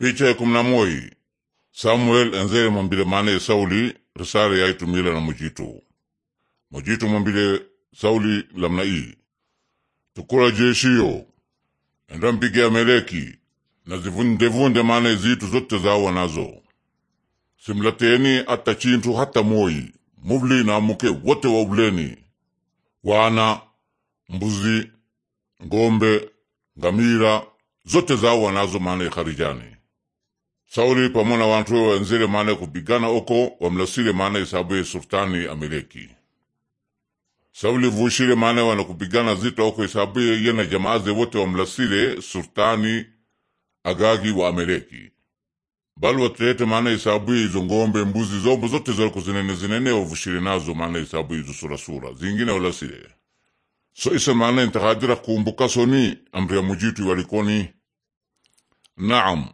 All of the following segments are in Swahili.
picha ya na moi samuel enzele mwambile maana ya sauli risale yaitumila na mujitu mujitu mwambile sauli lamna ii tukula jeshiyo enda mpige ameleki na zivundevunde maana zitu zote zawa nazo simlateni hata chintu hata moi muvli na muke wote wauleni wana mbuzi ngombe ngamira zote zawa nazo maana ya harijani Sauli pamoja na wantu wanzire maana kupigana oko wamlasire maana isabuye sultani Ameleki. Sauli vushire maana wanakupigana zita oko isabuye yena jamaaze wote wamlasire sultani Agagi wa Ameleki. Bali watirete maana isabu izo ngombe mbuzi zombo zote zaliko zinene zinene wavushire nazo maana ya izo surasura zingine walasire. So isa maana intakadira kumbuka soni amri ya mujitu walikoni. Naamu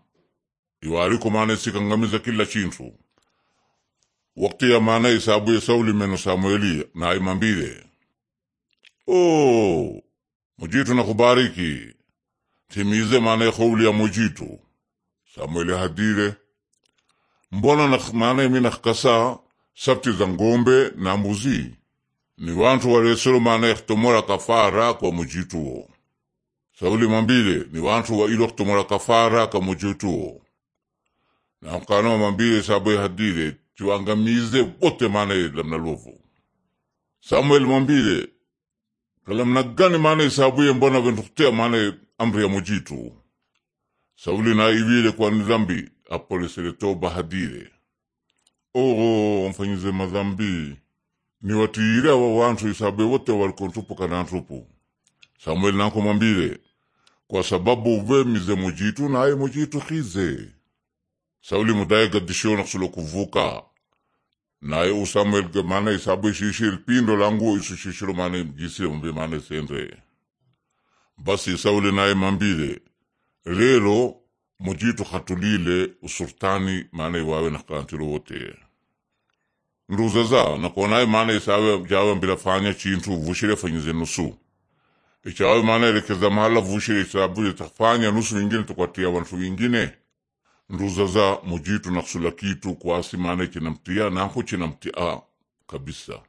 iwariko maana sikangamiza kila chintu wakti ya maana isabuye sauli meno samueli na imambile o mujitu nakubariki timize maana ya kauli ya mujitu samueli hadire mbona maana imi nakakasa sabti za ngombe na mbuzi ni wantu walesero maana ya kutomora kafara kwa mujituo sauli mambile ni wantu wailo kutomora kafara kwa mujituo na Namkana sabo ya hadile tuangamize wote, Samuel lamnaluovu. Samueli mwambile mane sabo ya mbona vendukutea mane amri ya mujitu. Sauli na naiwile kwa nidhambi apolesele toba hadile oho mfanyize madhambi niwatiire wa wantu isabe wote walikontupu kana antupu Samuel nako mambile kwa sababu mize mujitu na naye mujitu khize sauli mudaiga dishionakusula kuvuka naye usamuel ga mana isabu ishishile lpindo languo isishishilo mana mjisile mbe mana isende basi sauli naye mambile lelo mujitu hatulile usultani mana iwawe kantilo wote nduza za nakonaye mana isawe jawe mbila fanya chintu vushile fanyize nusu ichawe mana elekeza mahala vushile isabu itafanya nusu ingine tukwatia wantu ingine nduzaza mujitu na kusula kitu kwasi maana chinamtia naho chinamtia kabisa